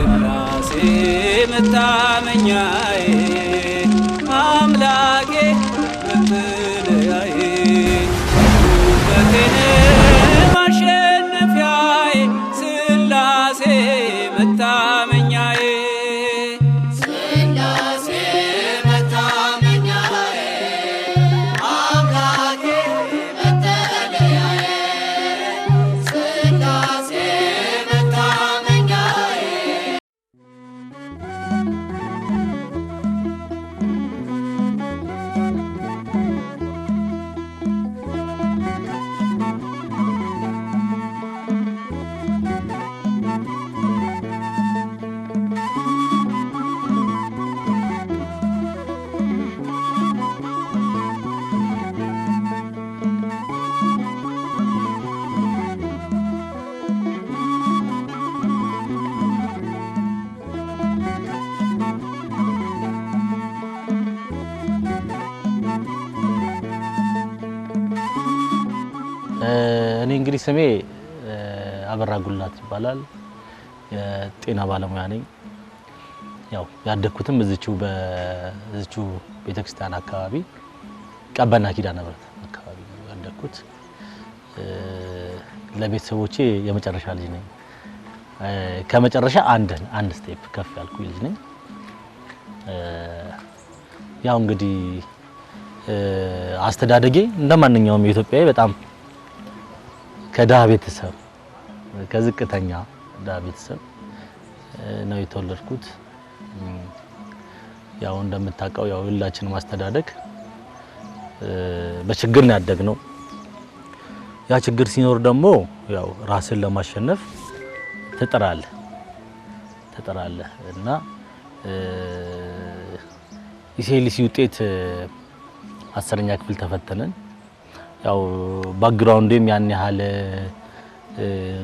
ስላሴ መታመኛዬ ስሜ አበራ ጉላት ይባላል። የጤና ባለሙያ ነኝ። ያው ያደግኩትም እዚቹ በዚቹ ቤተክርስቲያን አካባቢ ቀበና ኪዳነ ምሕረት አካባቢ ያደግኩት። ለቤተሰቦቼ የመጨረሻ ልጅ ነኝ። ከመጨረሻ አንድ አንድ ስቴፕ ከፍ ያልኩ ልጅ ነኝ። ያው እንግዲህ አስተዳደጌ እንደማንኛውም ኢትዮጵያዊ በጣም ከድሃ ቤተሰብ ከዝቅተኛ ድሃ ቤተሰብ ነው የተወለድኩት። ያው እንደምታውቀው ያው ሁላችንም ማስተዳደግ በችግር ነው ያደግነው። ያ ችግር ሲኖር ደግሞ ያው ራስን ለማሸነፍ ትጥራለህ ትጥራለህ እና የሴሊሲ ውጤት አስረኛ ክፍል ተፈተነን ያው ባክግራውንዴም ያን ያህል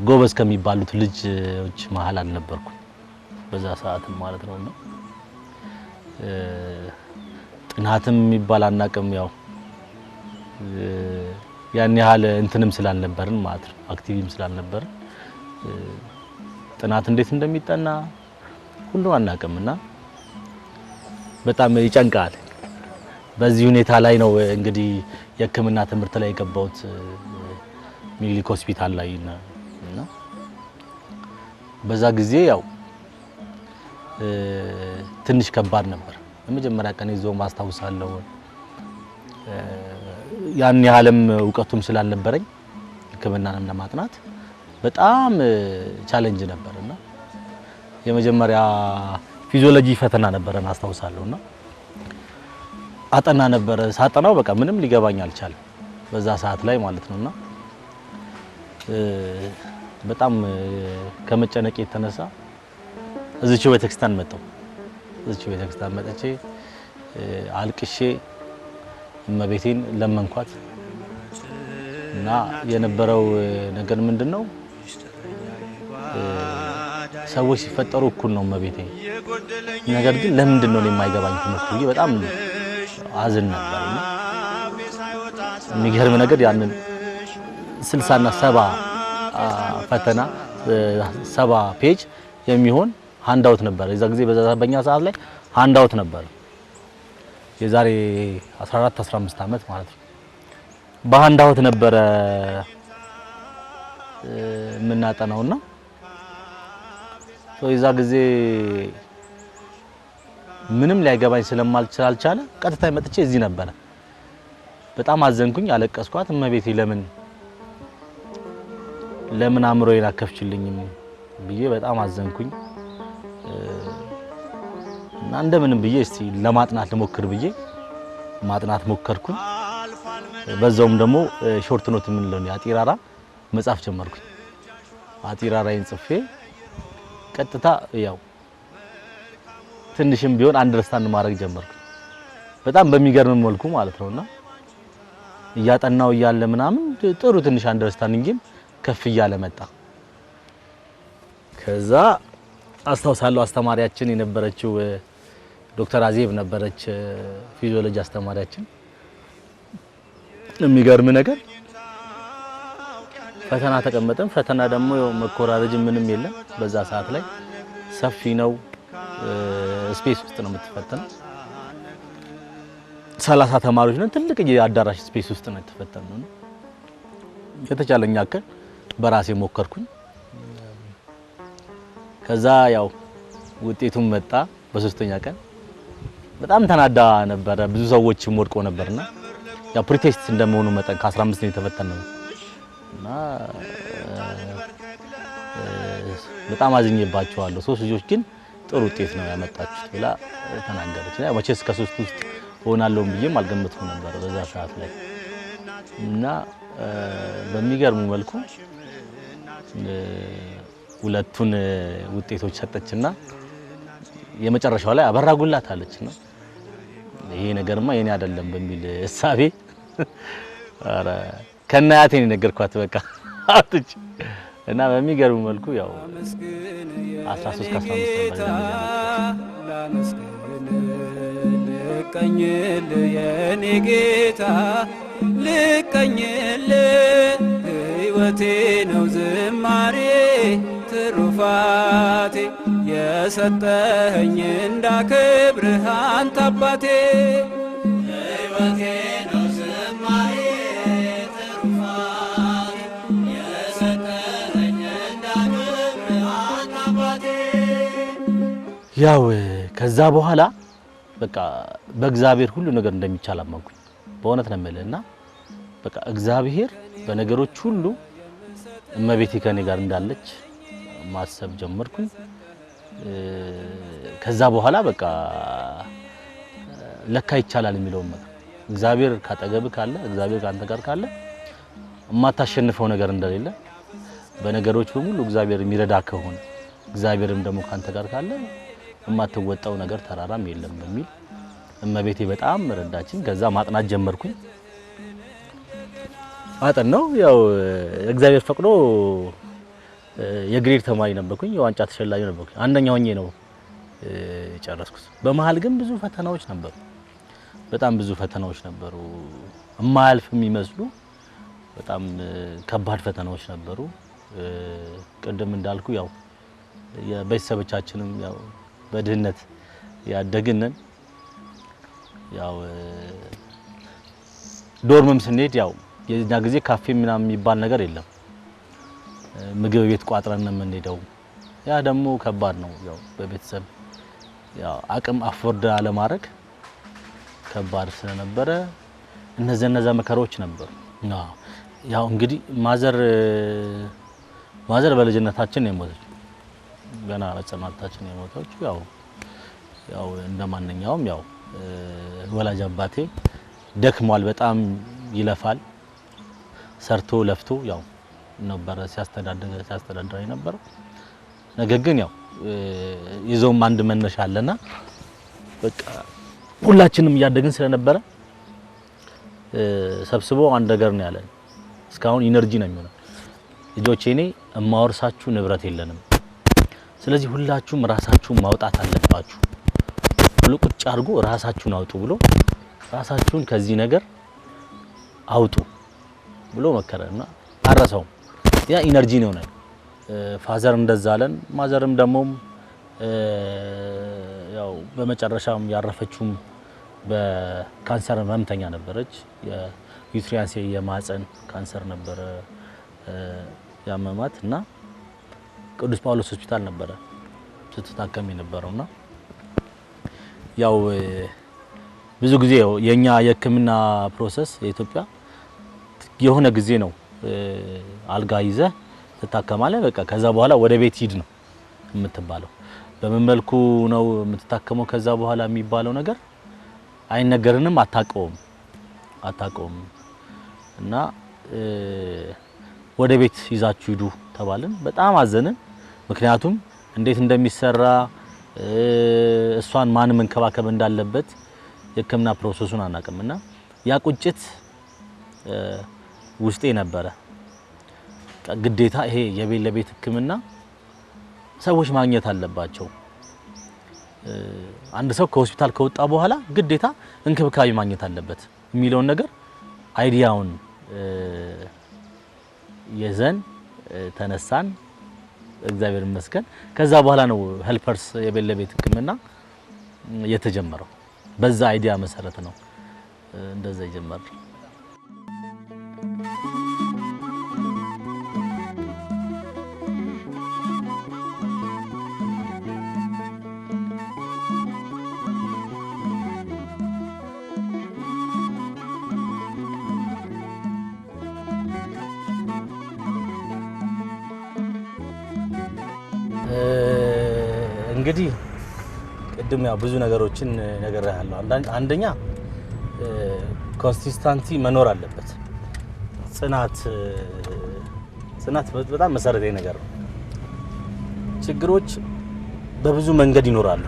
ጎበዝ ከሚባሉት ልጆች መሀል አልነበርኩ በዛ ሰዓት ማለት ነው። እና ጥናትም የሚባል አናቅም ያው ያን ያህል እንትንም ስላልነበርን ማለት ነው አክቲቪም ስላልነበርን ጥናት እንዴት እንደሚጠና ሁሉ አናቅም እና በጣም ይጨንቃል። በዚህ ሁኔታ ላይ ነው እንግዲህ የህክምና ትምህርት ላይ የገባሁት ሚኒሊክ ሆስፒታል ላይ እና በዛ ጊዜ ያው ትንሽ ከባድ ነበር። የመጀመሪያ ቀን ይዞ ማስታውሳለሁ። ያን ያህልም እውቀቱም ስላልነበረኝ ሕክምናንም ለማጥናት በጣም ቻለንጅ ነበርና የመጀመሪያ ፊዚዮሎጂ ፈተና ነበረን አስታውሳለሁና አጠና ነበረ። ሳጠናው በቃ ምንም ሊገባኝ አልቻለም በዛ ሰዓት ላይ ማለት ነውና በጣም ከመጨነቅ የተነሳ እዚች ቤተክርስቲያን መጣሁ። እዚች ቤተክርስቲያን መጥቼ አልቅሼ እመቤቴን ለመንኳት እና የነበረው ነገር ምንድን ነው? ሰዎች ሲፈጠሩ እኩል ነው እመቤቴ። ነገር ግን ለምንድን ነው የማይገባኝ ትምህርት ብዬ በጣም አዝን ነበር። የሚገርም ነገር ያንን ስልሳና ሰባ ፈተና ሰባ ፔጅ የሚሆን ሃንዳውት ነበር። የዛ ጊዜ በኛ ሰዓት ላይ ሃንዳውት ነበር። የዛሬ 14 15 ዓመት ማለት ነው። በሀንዳውት ነበረ የምናጠናውና የዛ ጊዜ ምንም ላይገባኝ ስለማልቻለ ቀጥታ መጥቼ እዚህ ነበረ። በጣም አዘንኩኝ፣ አለቀስኳት። እመቤቴ ለምን ለምን አእምሮዬን አከፍችልኝም ብዬ በጣም አዘንኩኝ እና እንደምንም ብዬ እስቲ ለማጥናት ልሞክር ብዬ ማጥናት ሞከርኩኝ። በዛውም ደግሞ ሾርት ኖት የምንለው አጢራራ መጻፍ ጀመርኩኝ። አጢራራዬን ጽፌ ቀጥታ ያው ትንሽም ቢሆን አንደርስታንድ ማድረግ ጀመርኩ። በጣም በሚገርም መልኩ ማለት ነውና እያጠናው እያለ ምናምን ጥሩ ትንሽ አንደርስታንዲንግም ከፍ እያለ መጣ። ከዛ አስታውሳለሁ አስተማሪያችን የነበረችው ዶክተር አዜብ ነበረች፣ ፊዚዮሎጂ አስተማሪያችን። የሚገርም ነገር ፈተና ተቀመጠን። ፈተና ደግሞ መኮራረጅ ምንም የለም በዛ ሰዓት ላይ ሰፊ ነው ስፔስ ውስጥ ነው የምትፈተነው። ሰላሳ ተማሪዎች ነን። ትልቅ የአዳራሽ ስፔስ ውስጥ ነው የተፈተነው። የተቻለኝ ያክል በራሴ ሞከርኩኝ። ከዛ ያው ውጤቱም መጣ። በሶስተኛ ቀን በጣም ተናዳ ነበረ። ብዙ ሰዎች ወድቆ ነበርና ያው ፕሪቴስት እንደመሆኑ መጠን ከ15 ነው የተፈተነው እና በጣም አዝኜባቸዋለሁ። ሶስት ልጆች ግን ጥሩ ውጤት ነው ያመጣችሁት ብላ ተናገረች። መቼስ ከሶስት ውስጥ እሆናለሁም ብዬም አልገመትኩ ነበር በዛ ሰዓት ላይ እና በሚገርሙ መልኩ ሁለቱን ውጤቶች ሰጠችና የመጨረሻው ላይ አበራጉላት ነው ይሄ ነገርማ የኔ አይደለም በሚል እሳቤ ኧረ ከናያቴን የነገርኳት በቃ አትች እና በሚገርም መልኩ ያው 13 ከ15 ልቀኝል የኔ ጌታ ልቀኝል ህይወቴ ነው ዝማሬ ትሩፋቴ የሰጠኸኝ እንዳክብርህ አንተ አባቴ ያው ከዛ በኋላ በቃ በእግዚአብሔር ሁሉ ነገር እንደሚቻል አመንኩኝ። በእውነት ነው የምልህ እና በቃ እግዚአብሔር በነገሮች ሁሉ እመቤቴ ከኔ ጋር እንዳለች ማሰብ ጀመርኩኝ። ከዛ በኋላ በቃ ለካ ይቻላል የሚለውን ነገር እግዚአብሔር ካጠገብ ካለ፣ እግዚአብሔር ከአንተ ጋር ካለ የማታሸንፈው ነገር እንደሌለ በነገሮች በሙሉ እግዚአብሔር የሚረዳ ከሆነ እግዚአብሔርም ደግሞ ከአንተ ጋር ካለ የማትወጣው ነገር ተራራም የለም በሚል እመቤቴ በጣም ረዳችን። ከዛ ማጥናት ጀመርኩኝ። አጠን ነው ያው እግዚአብሔር ፈቅዶ የግሬድ ተማሪ ነበርኩኝ። የዋንጫ ተሸላሚ ነበርኩኝ። አንደኛ ሆኜ ነው የጨረስኩት። በመሀል ግን ብዙ ፈተናዎች ነበሩ። በጣም ብዙ ፈተናዎች ነበሩ፣ የማያልፍ የሚመስሉ በጣም ከባድ ፈተናዎች ነበሩ። ቅድም እንዳልኩ ያው የቤተሰቦቻችንም ያው በድህነት ያደግንን ያው ዶርምም ስንሄድ ያው የኛ ጊዜ ካፌ ምናምን የሚባል ነገር የለም። ምግብ ቤት ቋጥረን ነው የምንሄደው። ያ ደግሞ ከባድ ነው። ያው በቤተሰብ ያው አቅም አፎርድ አለማድረግ ከባድ ስለነበረ እነዚያ እነዛ መከራዎች ነበሩ። ያው እንግዲህ ማዘር ማዘር በልጅነታችን ነው የሞተች ገና በሕፃንነታችን የሞተችው ያው ያው እንደ ማንኛውም ያው ወላጅ አባቴ ደክሟል፣ በጣም ይለፋል። ሰርቶ ለፍቶ ያው ነበረ ሲያስተዳድረ ሲያስተዳድረ የነበረው ነገር ግን ያው ይዞም አንድ መነሻ አለና በቃ ሁላችንም እያደግን ስለነበረ ሰብስቦ አንድ ነገር ነው ያለን። እስካሁን ኢነርጂ ነው የሚሆነው። ልጆቼ እኔ እማወርሳችሁ ንብረት የለንም ስለዚህ ሁላችሁም ራሳችሁን ማውጣት አለባችሁ ብሎ ቁጭ አድርጎ ራሳችሁን አውጡ ብሎ ራሳችሁን ከዚህ ነገር አውጡ ብሎ መከረና አረሰውም። ያ ኢነርጂ ነው ነው ፋዘር እንደዛ አለን። ማዘርም ደግሞ ያው በመጨረሻም ያረፈችውም በካንሰር ህመምተኛ ነበረች። የዩትሪያንስ የማፀን ካንሰር ነበረ ያመማት እና ቅዱስ ጳውሎስ ሆስፒታል ነበረ ስትታከም የነበረውና ያው ብዙ ጊዜ የኛ የሕክምና ፕሮሰስ የኢትዮጵያ የሆነ ጊዜ ነው አልጋ ይዘ ትታከማለ፣ በቃ ከዛ በኋላ ወደ ቤት ሂድ ነው የምትባለው። በምን መልኩ ነው የምትታከመው ከዛ በኋላ የሚባለው ነገር አይነገርንም፣ አታቀውም አታቀውም እና ወደ ቤት ይዛችሁ ሂዱ ተባልን። በጣም አዘንን። ምክንያቱም እንዴት እንደሚሰራ እሷን ማን መንከባከብ እንዳለበት የህክምና ፕሮሰሱን አናቅም እና ያ ቁጭት ውስጤ ነበረ። ግዴታ ይሄ የቤት ለቤት ህክምና ሰዎች ማግኘት አለባቸው። አንድ ሰው ከሆስፒታል ከወጣ በኋላ ግዴታ እንክብካቤ ማግኘት አለበት የሚለውን ነገር አይዲያውን የዘን ተነሳን። እግዚአብሔር ይመስገን። ከዛ በኋላ ነው ሄልፐርስ የቤለ ቤት ህክምና የተጀመረው። በዛ አይዲያ መሰረት ነው እንደዛ ይጀምራል። ብዙ ነገሮችን ነግሬሃለሁ። አንደኛ ኮንሲስታንሲ መኖር አለበት። ጽናት ጽናት በጣም መሰረታዊ ነገር ነው። ችግሮች በብዙ መንገድ ይኖራሉ።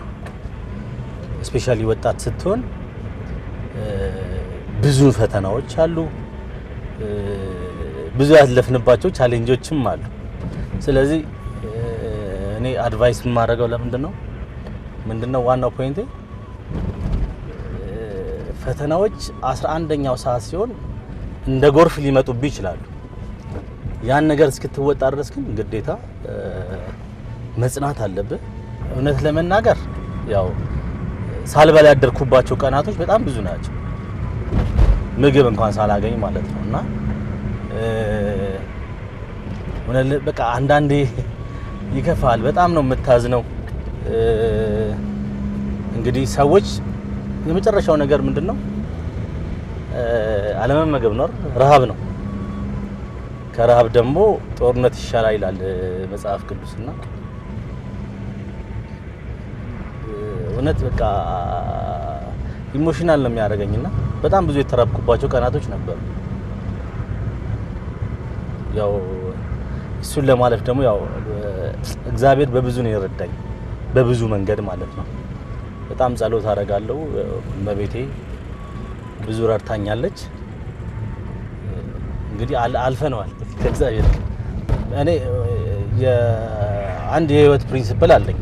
ስፔሻሊ ወጣት ስትሆን ብዙ ፈተናዎች አሉ፣ ብዙ ያለፍንባቸው ቻሌንጆችም አሉ። ስለዚህ እኔ አድቫይስ የማደርገው ለምንድን ነው ምንድነው ዋናው ፖይንት ፈተናዎች አስራ አንደኛው ሰዓት ሲሆን እንደ ጎርፍ ሊመጡብ ይችላሉ። ያን ነገር እስክትወጣ ድረስ ግን ግዴታ መጽናት አለብህ። እውነት ለመናገር ያው ሳልበላ ያደርኩባቸው ቀናቶች በጣም ብዙ ናቸው። ምግብ እንኳን ሳላገኝ ማለት ነው እና በቃ አንዳንዴ ይከፋል። በጣም ነው የምታዝነው። እንግዲህ ሰዎች የመጨረሻው ነገር ምንድን ነው? አለመመገብ ነው፣ ረሃብ ነው። ከረሃብ ደግሞ ጦርነት ይሻላል ይላል መጽሐፍ ቅዱስና እውነት በቃ ኢሞሽናል ነው የሚያደርገኝና በጣም ብዙ የተራብኩባቸው ቀናቶች ነበሩ። ያው እሱን ለማለፍ ደግሞ ያው እግዚአብሔር በብዙ ነው የረዳኝ፣ በብዙ መንገድ ማለት ነው። በጣም ጸሎት አደርጋለሁ። እመቤቴ ብዙ ረድታኛለች። እንግዲህ አልፈነዋል ከእግዚአብሔር እኔ አንድ የህይወት ፕሪንሲፕል አለኝ።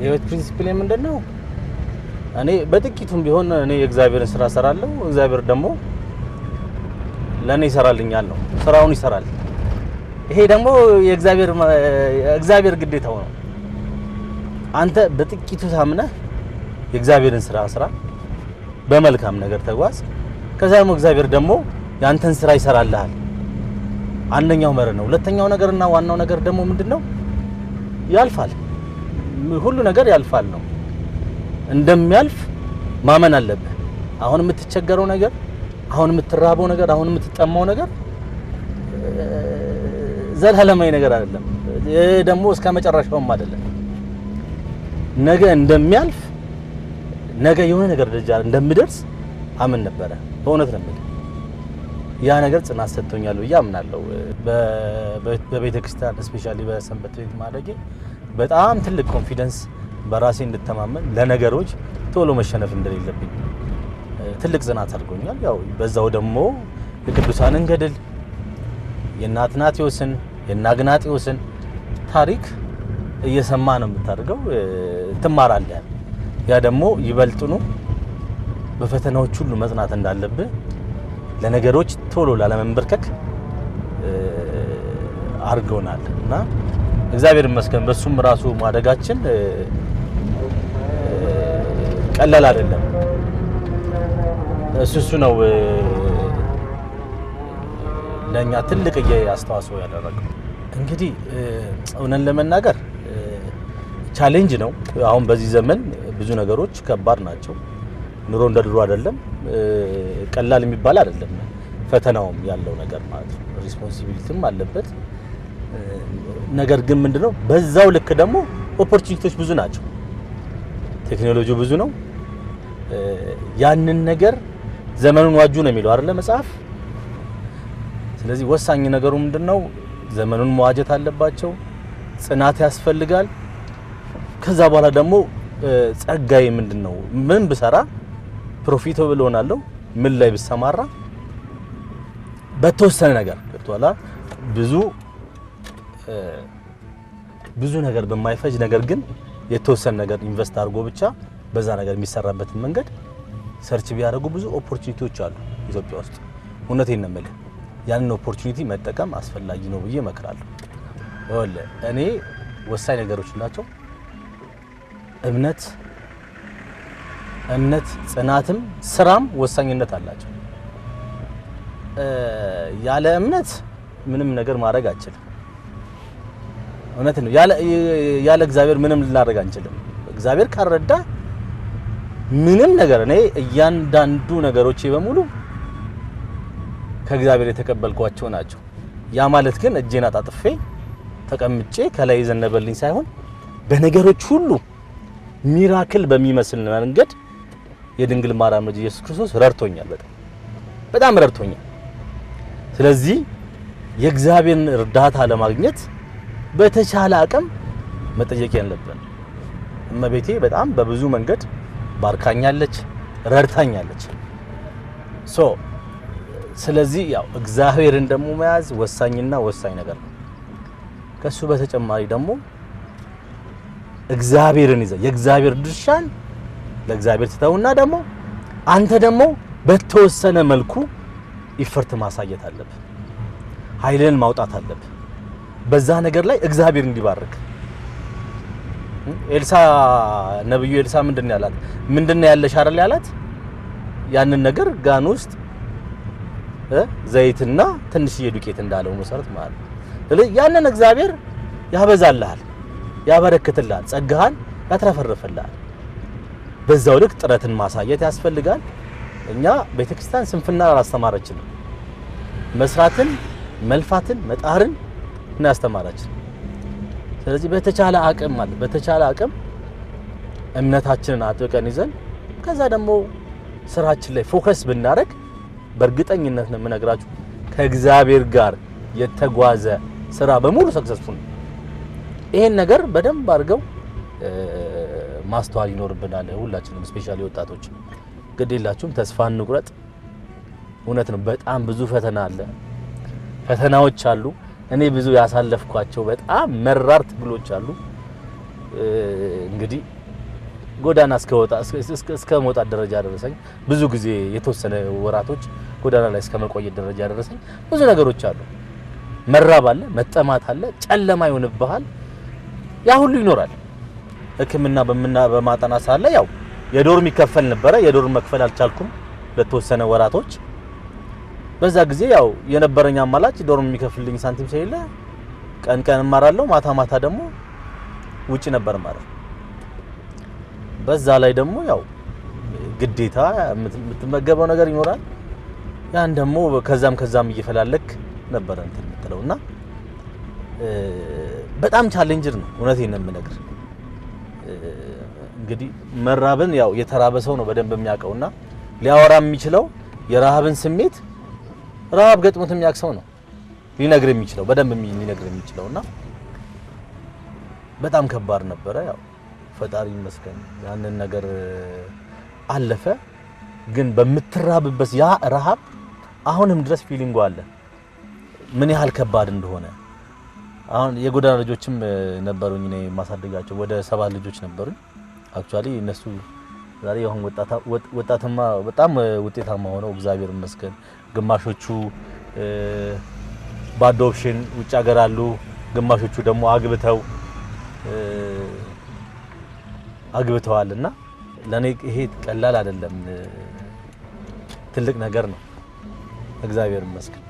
የህይወት ፕሪንሲፕል ምንድን ነው? እኔ በጥቂቱም ቢሆን እኔ የእግዚአብሔርን ስራ ሰራለሁ፣ እግዚአብሔር ደግሞ ለእኔ ይሰራልኛል ነው ስራውን ይሰራል። ይሄ ደግሞ የእግዚአብሔር ግዴታው ነው። አንተ በጥቂቱ ታምነህ የእግዚአብሔርን ስራ ስራ፣ በመልካም ነገር ተጓዝ። ከዛ ደግሞ እግዚአብሔር ደግሞ ያንተን ስራ ይሰራልሃል። አንደኛው መርህ ነው። ሁለተኛው ነገርና ዋናው ነገር ደግሞ ምንድነው? ያልፋል፣ ሁሉ ነገር ያልፋል ነው። እንደሚያልፍ ማመን አለብህ። አሁን የምትቸገረው ነገር፣ አሁን የምትራበው ነገር፣ አሁን የምትጠማው ነገር ዘላለማዊ ነገር አይደለም፣ ደግሞ እስከ መጨረሻውም አይደለም። ነገ እንደሚያልፍ ነገ የሆነ ነገር ደረጃ እንደምደርስ አምን ነበረ። በእውነት ነው የምልህ ያ ነገር ጽናት ሰጥቶኛል ብዬ አምናለሁ። በቤተ ክርስቲያን እስፔሻሊ በሰንበት ቤት ማድረጌ በጣም ትልቅ ኮንፊደንስ፣ በራሴ እንድተማመን፣ ለነገሮች ቶሎ መሸነፍ እንደሌለብኝ ትልቅ ጽናት አድርጎኛል። ያው በዛው ደግሞ የቅዱሳንን ገድል የእነ አትናቴዎስን የእነ አግናጤዎስን ታሪክ እየሰማ ነው የምታደርገው፣ ትማራለህ። ያ ደግሞ ይበልጥኑ በፈተናዎች ሁሉ መጽናት እንዳለብህ ለነገሮች ቶሎ ላለመንበርከክ አድርገውናል እና እግዚአብሔር ይመስገን በሱም ራሱ ማደጋችን ቀላል አይደለም። እሱ እሱ ነው ለእኛ ትልቅ አስተዋጽኦ ያደረገው። እንግዲህ እውነን ለመናገር ቻሌንጅ ነው። አሁን በዚህ ዘመን ብዙ ነገሮች ከባድ ናቸው። ኑሮ እንደ ድሮ አይደለም፣ ቀላል የሚባል አይደለም። ፈተናውም ያለው ነገር ማለት ነው። ሪስፖንሲቢሊቲም አለበት። ነገር ግን ምንድነው በዛው ልክ ደግሞ ኦፖርቹኒቲዎች ብዙ ናቸው። ቴክኖሎጂ ብዙ ነው። ያንን ነገር ዘመኑን ዋጁ ነው የሚለው አይደለ መጽሐፍ። ስለዚህ ወሳኝ ነገሩ ምንድነው? ዘመኑን መዋጀት አለባቸው። ጽናት ያስፈልጋል። ከዛ በኋላ ደግሞ ጸጋዬ ምንድን ነው? ምን ብሰራ ፕሮፊታብል ሆናለሁ? ምን ላይ ብሰማራ በተወሰነ ነገር ገብቶሃል። ብዙ ብዙ ነገር በማይፈጅ ነገር ግን የተወሰነ ነገር ኢንቨስት አድርጎ ብቻ በዛ ነገር የሚሰራበትን መንገድ ሰርች ቢያደርጉ ብዙ ኦፖርቹኒቲዎች አሉ ኢትዮጵያ ውስጥ። እውነቴን ነው የምልህ ያንን ኦፖርቹኒቲ መጠቀም አስፈላጊ ነው ብዬ እመክራለሁ። እኔ ወሳኝ ነገሮች ናቸው እምነት እምነት ጽናትም ስራም ወሳኝነት አላቸው። ያለ እምነት ምንም ነገር ማድረግ አንችልም። እውነት ነው። ያለ እግዚአብሔር ምንም ልናደርግ አንችልም። እግዚአብሔር ካልረዳ ምንም ነገር እኔ እያንዳንዱ ነገሮቼ በሙሉ ከእግዚአብሔር የተቀበልኳቸው ናቸው። ያ ማለት ግን እጄን አጣጥፌ ተቀምጬ ከላይ የዘነበልኝ ሳይሆን በነገሮች ሁሉ ሚራክል በሚመስል መንገድ የድንግል ማርያም ልጅ ኢየሱስ ክርስቶስ ረድቶኛል። በጣም በጣም ረድቶኛል። ስለዚህ የእግዚአብሔርን እርዳታ ለማግኘት በተቻለ አቅም መጠየቅ ያለብን። እመቤቴ በጣም በብዙ መንገድ ባርካኛለች፣ ረድታኛለች። ሶ ስለዚህ ያው እግዚአብሔርን ደግሞ መያዝ ወሳኝና ወሳኝ ነገር ነው። ከሱ በተጨማሪ ደግሞ እግዚአብሔርን ይዘ የእግዚአብሔር ድርሻን ለእግዚአብሔር ትተውና ደግሞ አንተ ደግሞ በተወሰነ መልኩ ይፈርት ማሳየት አለብ። ኃይልን ማውጣት አለብ። በዛ ነገር ላይ እግዚአብሔር እንዲባርክ ኤልሳ ነብዩ ኤልሳ ምንድነው ያላት? ምንድነው ያለሽ አይደል ያላት? ያንን ነገር ጋን ውስጥ ዘይትና ትንሽዬ ዱቄት እንዳለው መሰረት ማለት ያንን እግዚአብሔር ያበዛልሃል። ያበረክትልሃል፣ ጸጋህን ያትረፈርፍልሃል። በዛው ልክ ጥረትን ማሳየት ያስፈልጋል። እኛ ቤተክርስቲያን ስንፍና አላስተማረችንም። መስራትን፣ መልፋትን፣ መጣርን እና ያስተማራችን። ስለዚህ በተቻለ አቅም ማለት በተቻለ አቅም እምነታችንን አጥብቀን ይዘን ከዛ ደግሞ ስራችን ላይ ፎከስ ብናደርግ በእርግጠኝነት ነው የምነግራችሁ ከእግዚአብሔር ጋር የተጓዘ ስራ በሙሉ ሰክሰስፉል ነው። ይሄን ነገር በደንብ አድርገው ማስተዋል ይኖርብናል። ሁላችንም ስፔሻሊ ወጣቶች ግድ የላችሁም፣ ተስፋ እንቁረጥ። እውነት ነው፣ በጣም ብዙ ፈተና አለ፣ ፈተናዎች አሉ። እኔ ብዙ ያሳለፍኳቸው በጣም መራር ትግሎች አሉ። እንግዲህ ጎዳና እስከ መውጣት ደረጃ ደረሰኝ። ብዙ ጊዜ የተወሰነ ወራቶች ጎዳና ላይ እስከ መቆየት ደረጃ ደረሰኝ። ብዙ ነገሮች አሉ። መራብ አለ፣ መጠማት አለ፣ ጨለማ ይሆንብሃል። ያ ሁሉ ይኖራል። ህክምና በምና በማጠና ሳለ ያው የዶርም ይከፈል ነበረ። የዶርም መክፈል አልቻልኩም ለተወሰነ ወራቶች። በዛ ጊዜ ያው የነበረኝ አማላጭ ዶርም የሚከፍልልኝ ሳንቲም ስለሌለ ቀን ቀን እማራለሁ፣ ማታ ማታ ደግሞ ውጪ ነበር ማለት በዛ ላይ ደግሞ ያው ግዴታ የምትመገበው ነገር ይኖራል። ያን ደግሞ ከዛም ከዛም እየፈላለክ ነበረ እንትን እና በጣም ቻሌንጅር ነው። እውነቴን ነው የምነግር። እንግዲህ መራብን ያው የተራበ ሰው ነው በደንብ የሚያውቀውና ሊያወራ የሚችለው የረሃብን ስሜት ረሃብ ገጥሞት የሚያውቅ ሰው ነው ሊነግር የሚችለው በደንብ ሊነግር የሚችለውና በጣም ከባድ ነበረ። ያው ፈጣሪ ይመስገን ያንን ነገር አለፈ። ግን በምትራብበት ያ ረሃብ አሁንም ድረስ ፊሊንጉ አለ ምን ያህል ከባድ እንደሆነ አሁን የጎዳና ልጆችም ነበሩኝ እኔ የማሳደጋቸው ወደ ሰባት ልጆች ነበሩኝ። አክቹአሊ እነሱ ዛሬ አሁን ወጣትማ በጣም ውጤታማ ሆነው እግዚአብሔር ይመስገን። ግማሾቹ በአዶፕሽን ውጭ ሀገር አሉ፣ ግማሾቹ ደግሞ አግብተው አግብተዋል። እና ለእኔ ይሄ ቀላል አይደለም፣ ትልቅ ነገር ነው። እግዚአብሔር ይመስገን።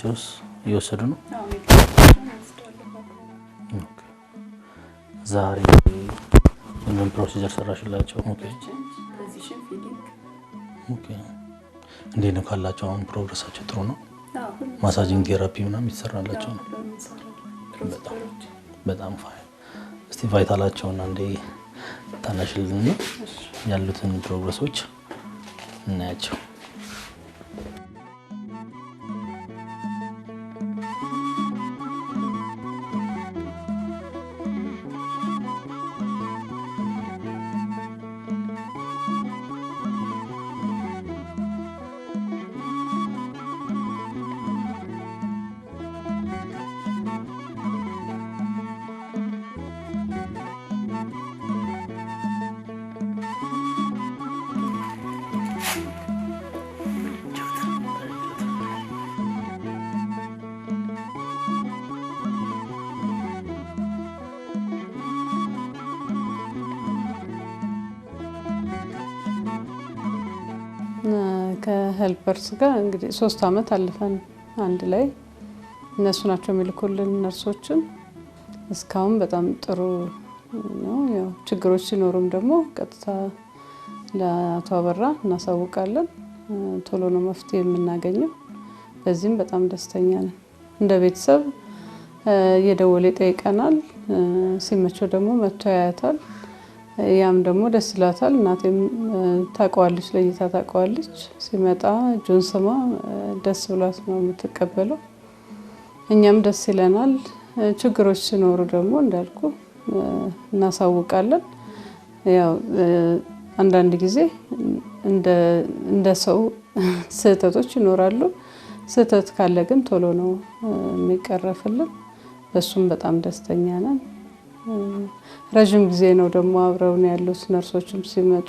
ሜዲካቸውስ እየወሰዱ ነው? ዛሬ ምን ፕሮሲጀር ሰራሽላቸው? እንዴት ነው ካላቸው? አሁን ፕሮግረሳቸው ጥሩ ነው? ማሳጅን ቴራፒ ምናምን ይሰራላቸው ነው? በጣም ፋይን። እስቲ ቫይታላቸውን አንዴ ታናሽልና ያሉትን ፕሮግረሶች እናያቸው። ከልፐርስ ጋር እንግዲህ ሶስት አመት አልፈን አንድ ላይ እነሱ ናቸው የሚልኩልን ነርሶችን። እስካሁን በጣም ጥሩ ነው። ያው ችግሮች ሲኖሩም ደግሞ ቀጥታ ለአቶ አበራ እናሳውቃለን። ቶሎ ነው መፍትሄ የምናገኘው። በዚህም በጣም ደስተኛ ነን። እንደ ቤተሰብ እየደወለ ይጠይቀናል። ሲመቸው ደግሞ መቶ ያያታል። ያም ደግሞ ደስ ይላታል። እናቴም ታውቀዋለች፣ ለይታ ታውቀዋለች። ሲመጣ እጁን ስማ ደስ ብሏት ነው የምትቀበለው። እኛም ደስ ይለናል። ችግሮች ሲኖሩ ደግሞ እንዳልኩ እናሳውቃለን። ያው አንዳንድ ጊዜ እንደ ሰው ስህተቶች ይኖራሉ። ስህተት ካለ ግን ቶሎ ነው የሚቀረፍልን። በሱም በጣም ደስተኛ ነን። ረዥም ጊዜ ነው ደግሞ አብረውን ያሉት ነርሶችም ሲመጡ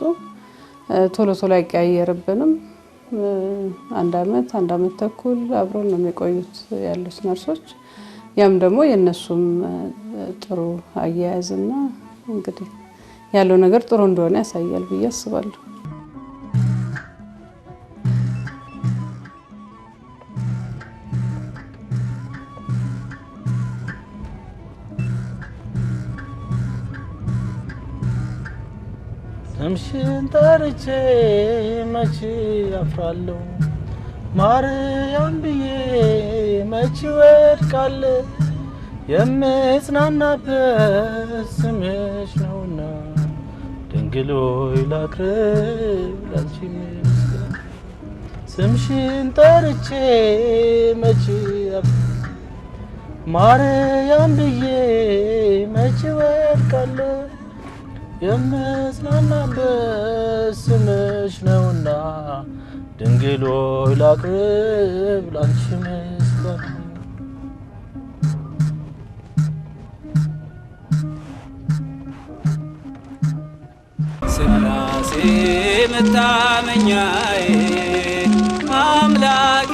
ቶሎ ቶሎ አይቀያየርብንም። አንድ አመት አንድ አመት ተኩል አብረው ነው የሚቆዩት ያሉት ነርሶች። ያም ደግሞ የእነሱም ጥሩ አያያዝና እንግዲህ ያለው ነገር ጥሩ እንደሆነ ያሳያል ብዬ አስባለሁ። ስምሽን ጠርቼ መቼ አፍራለሁ ማርያም ብዬ መቼ ወድቃል የምጽናናበት ስምሽ ነውና ድንግል ሆይ ላቅርብ ላንቺ ስምሽን ጠርቼ መቼ ማርያም ብዬ መቼ ወድቃለሁ የምጽናናበት ስምሽ ነውና ድንግል ሆይ ላቅርብ ላንቺ ምስጋና። ስላሴ መታመኛዬ አምላክ